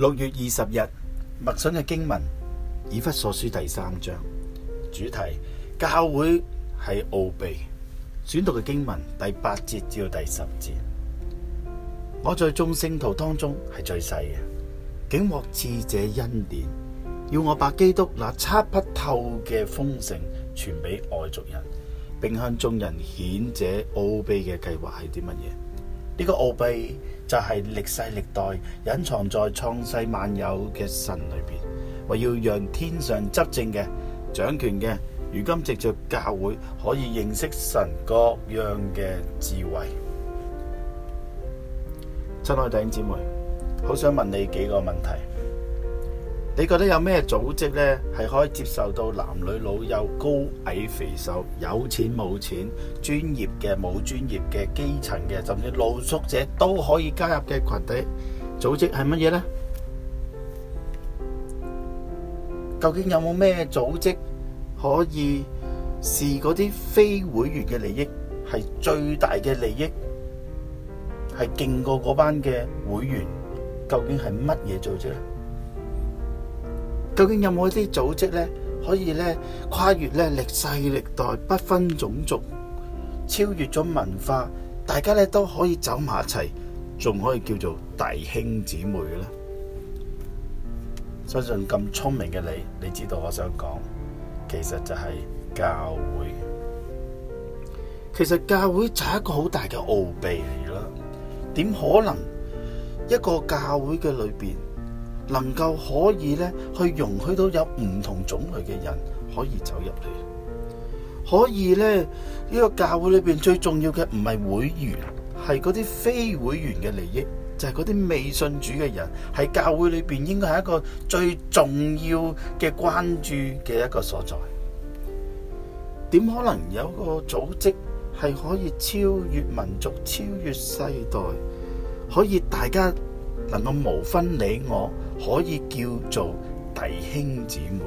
六月二十日，默信嘅經文，以弗所書第三章，主題，教會係奧秘。選讀嘅經文，第八節至到第十節，我在眾聖徒當中係最細嘅，竟獲賜這恩典，要我把基督那測不透嘅豐盛傳俾外族人，並向眾人顯這奧秘嘅計劃係啲乜嘢？呢個奧秘就係歷世歷代隱藏在創世萬有嘅神裏邊，為要讓天上執政嘅掌權嘅，如今藉著教會可以認識神各樣嘅智慧。親愛弟兄姊妹，好想問你幾個問題。你覺得有咩組織呢？係可以接受到男女老幼、高矮肥瘦、有錢冇錢、專業嘅、冇專業嘅、基層嘅，甚至露宿者都可以加入嘅群體組織係乜嘢呢？究竟有冇咩組織可以視嗰啲非會員嘅利益係最大嘅利益，係勁過嗰班嘅會員？究竟係乜嘢組織呢？究竟有冇一啲組織呢，可以呢跨越呢歷世歷代，不分種族，超越咗文化，大家呢都可以走埋一齊，仲可以叫做弟兄姊妹嘅呢？相信咁聰明嘅你，你知道我想講，其實就係教會。其實教會就係一個好大嘅奧秘嚟咯。點可能一個教會嘅裏邊？能夠可以咧，去容許到有唔同種類嘅人可以走入嚟，可以咧呢、呢個教會裏邊最重要嘅唔係會員，係嗰啲非會員嘅利益，就係嗰啲未信主嘅人，係教會裏邊應該係一個最重要嘅關注嘅一個所在。點可能有一個組織係可以超越民族、超越世代，可以大家能夠無分你我？可以叫做弟兄姊妹，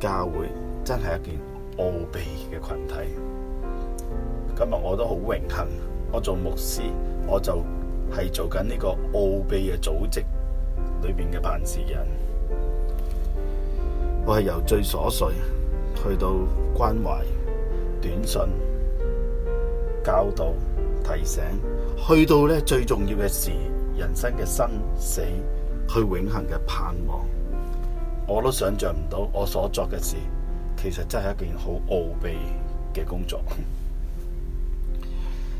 教會真係一件奧秘嘅群體。今日我都好榮幸，我做牧師，我就係做緊呢個奧秘嘅組織裏面嘅辦事人。我係由最瑣碎去到關懷短信、教導提醒，去到咧最重要嘅事。人生嘅生死，去永恒嘅盼望，我都想象唔到。我所做嘅事，其實真係一件好奧秘嘅工作。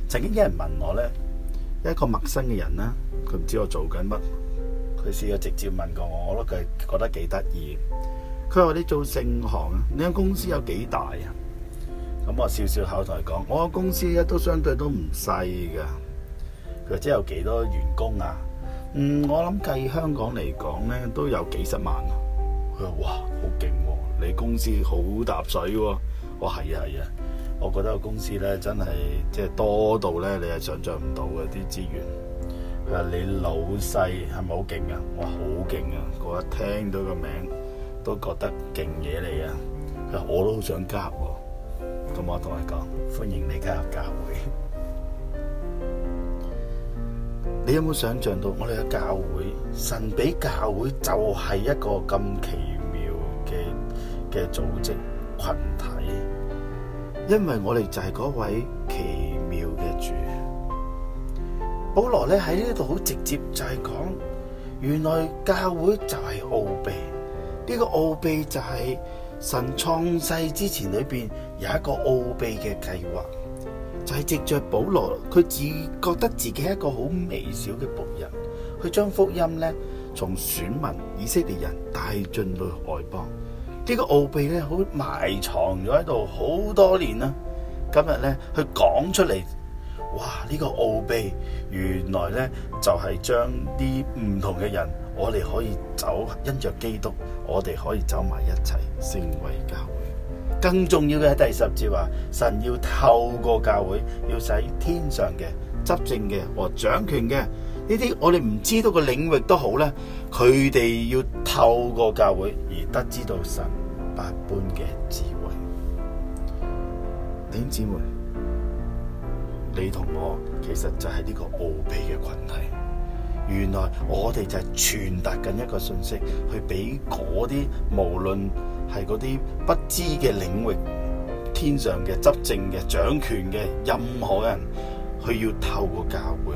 曾經有人問我呢，一個陌生嘅人呢，佢唔知我做緊乜，佢試過直接問過我，我都佢覺得幾得意。佢話你做聖行啊，你間公司有幾大呀？」咁我笑笑口同佢講：我公司咧都相對都唔細嘅。或者有幾多員工啊？嗯，我諗計香港嚟講咧，都有幾十萬啊。佢話：哇，好勁喎！你公司好搭水喎！我係啊係啊，我覺得個公司咧真係即係多到咧，你係想像唔到嘅啲資源。佢話：你老細係咪好勁啊？我好勁啊！我一聽到個名都覺得勁嘢嚟啊！佢話：我都好想加入喎！咁我同佢講：歡迎你加入教會。你有冇想象到我哋嘅教會？神俾教會就係一個咁奇妙嘅嘅組織群體，因為我哋就係嗰位奇妙嘅主。保羅咧喺呢度好直接就係講，原來教會就係奧秘，呢個奧秘就係神創世之前裏邊有一個奧秘嘅計劃。就係藉着保羅，佢自覺得自己係一個好微小嘅僕人，佢將福音呢從選民以色列人帶進去外邦，這個、奧呢個奧秘呢好埋藏咗喺度好多年啦。今日呢，佢講出嚟，哇！呢、這個奧秘原來呢就係將啲唔同嘅人，我哋可以走因着基督，我哋可以走埋一齊，成為教更重要嘅係第十節話，神要透過教會，要使天上嘅執政嘅、和掌權嘅呢啲，這些我哋唔知道嘅領域都好咧，佢哋要透過教會而得知道神百般嘅智慧。弟兄姊妹，你同我其實就係呢個奧秘嘅群體。原來我哋就係傳達緊一個信息，去俾嗰啲無論係嗰啲不知嘅領域、天上嘅執政嘅掌權嘅任何人，去要透過教會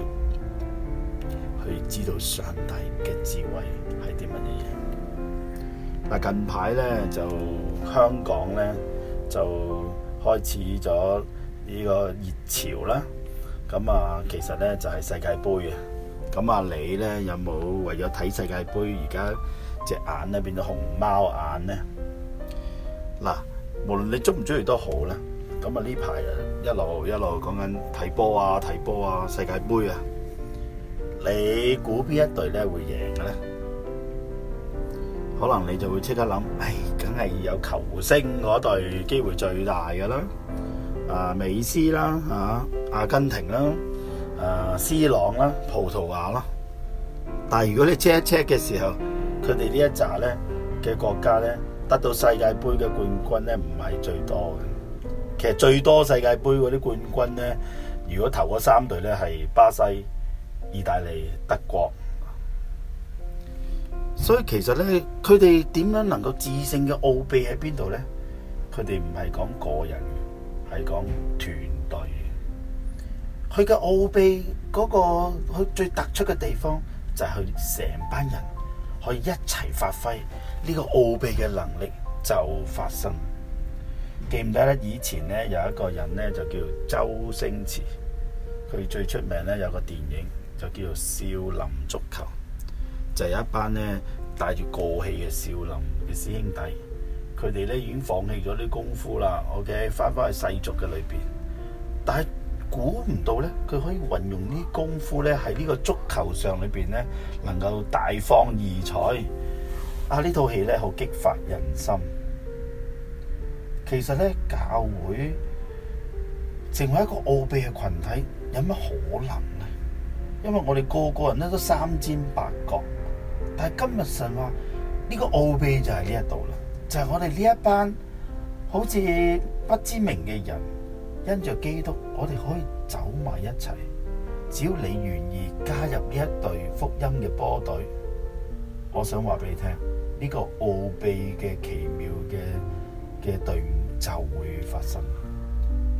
去知道上帝嘅智慧係啲乜嘢。嗱，近排呢，就香港呢，就開始咗呢個熱潮啦。咁啊，其實呢，就係世界盃啊。咁啊，你咧有冇為咗睇世界盃而家隻眼咧變咗熊貓眼咧？嗱，無論你中唔中意都好啦。咁啊，呢排啊，一路一路講緊睇波啊、睇波啊、世界盃啊，你估邊一隊咧會贏嘅咧？可能你就會即刻諗，唉、哎，梗係有球星嗰隊機會最大嘅啦。啊，美斯啦，吓、啊，阿根廷啦。誒，啊、斯朗啦，葡萄牙啦，但如果你 check 一 check 嘅時候，佢哋呢一紮呢嘅國家呢，得到世界杯嘅冠軍呢唔係最多嘅。其實最多世界杯嗰啲冠軍呢，如果頭嗰三隊呢係巴西、意大利、德國，嗯、所以其實呢，佢哋點樣能夠自勝嘅奧秘喺邊度呢？佢哋唔係講個人，係講團。佢嘅奧秘嗰個，佢最突出嘅地方就係佢成班人可以一齊發揮呢個奧秘嘅能力就發生。記唔記得以前咧有一個人咧就叫周星馳，佢最出名咧有個電影就叫做《少林足球》，就係一班咧帶住過氣嘅少林嘅師兄弟，佢哋咧已經放棄咗啲功夫啦，OK，翻返去世俗嘅裏邊，但係，估唔到咧，佢可以運用啲功夫咧，喺呢個足球上裏邊咧，能夠大放異彩。啊！呢套戲咧好激發人心。其實咧，教會成為一個奧秘嘅群體，有乜可能咧？因為我哋個個人咧都三尖八角，但係今日神話呢個奧秘就喺呢一度啦，就係我哋呢一班好似不知名嘅人。因着基督，我哋可以走埋一齊。只要你願意加入呢一隊福音嘅波隊，我想話俾你聽，呢個奧秘嘅奇妙嘅嘅隊伍就會發生。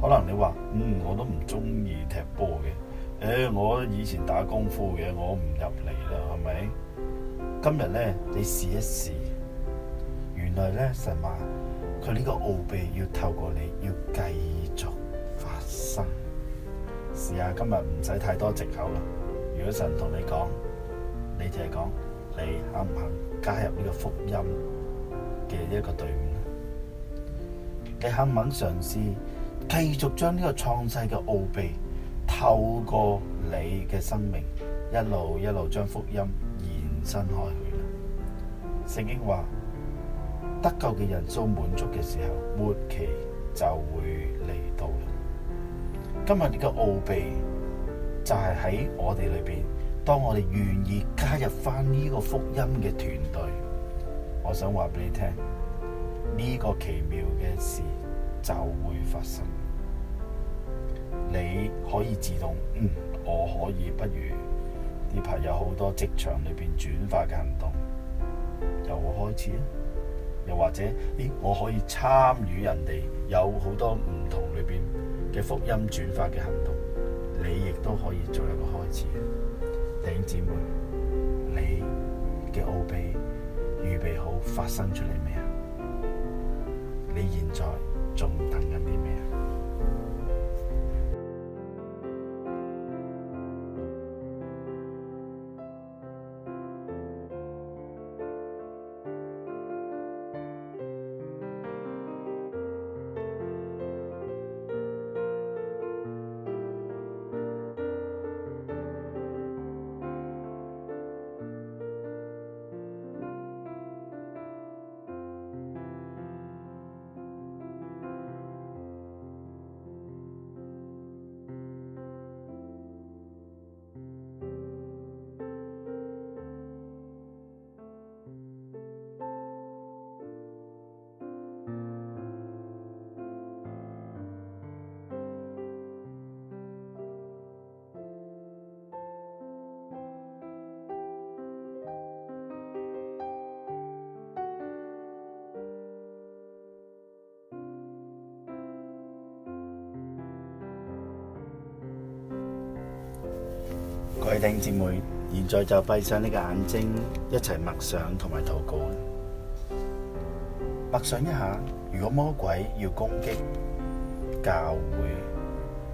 可能你話，嗯，我都唔中意踢波嘅，誒、哎，我以前打功夫嘅，我唔入嚟啦，係咪？今日呢，你試一試，原來呢神話佢呢個奧秘要透過你要計。今日唔使太多藉口啦。如果神同你講，你就係講，你肯唔肯加入呢個福音嘅一個隊伍？你肯唔肯嘗試繼續將呢個創世嘅奧秘透過你嘅生命一路一路將福音延伸開去呢？聖經話得救嘅人數滿足嘅時候，末期就會。今日呢個奧秘就係喺我哋裏邊，當我哋願意加入翻呢個福音嘅團隊，我想話俾你聽，呢個奇妙嘅事就會發生。你可以自動，嗯，我可以不如呢排有好多職場裏邊轉化嘅行動又開始啊，又或者咦，我可以參與人哋有好多唔同裏邊。嘅福音轉發嘅行動，你亦都可以做一個開始。弟兄姊妹，你嘅奧秘預備好發生出嚟咩啊？你現在仲等緊啲咩啊？聽姊妹，現在就閉上你嘅眼睛，一齊默想同埋禱告。默想一下，如果魔鬼要攻擊教會，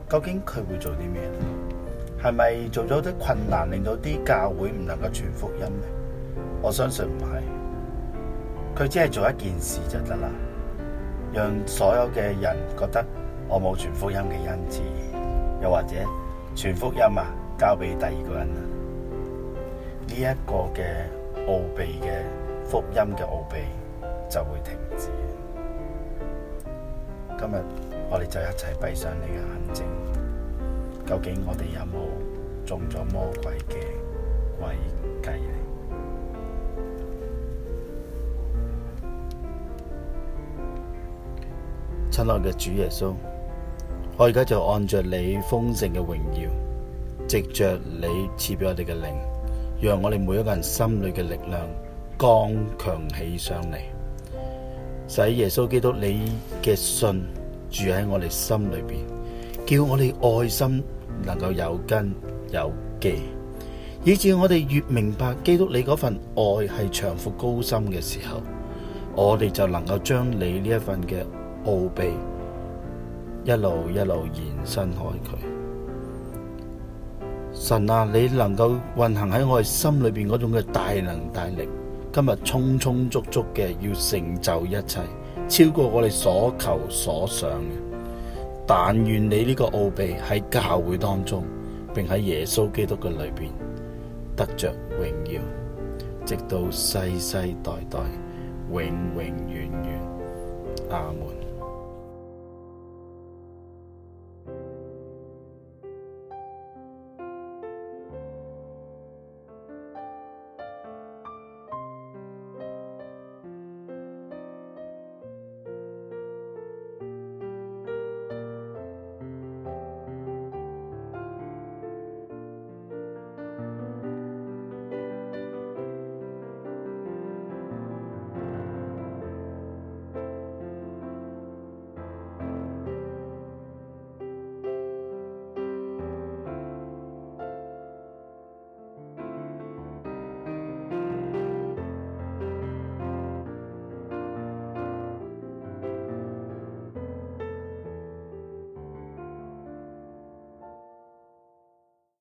究竟佢會做啲咩？係咪做咗啲困難，令到啲教會唔能夠傳福音呢？我相信唔係，佢只係做一件事就得啦，讓所有嘅人覺得我冇傳福音嘅恩賜，又或者傳福音啊？交俾第二個人啦，呢一個嘅奧秘嘅福音嘅奧秘就會停止。今日我哋就一齊閉上你嘅眼睛，究竟我哋有冇中咗魔鬼嘅詭計呢？親愛嘅主耶穌，我而家就按着你豐盛嘅榮耀。藉着你賜俾我哋嘅靈，讓我哋每一個人心裏嘅力量剛強起上嚟，使耶穌基督你嘅信住喺我哋心裏邊，叫我哋愛心能夠有根有基，以至我哋越明白基督你嗰份愛係長闊高深嘅時候，我哋就能夠將你呢一份嘅奧秘一路，一路一路延伸開佢。神啊，你能夠運行喺我哋心裏邊嗰種嘅大能大力，今日充充足足嘅要成就一切，超過我哋所求所想嘅。但願你呢個奧秘喺教會當中，並喺耶穌基督嘅裏邊得着榮耀，直到世世代代永永遠遠。阿門。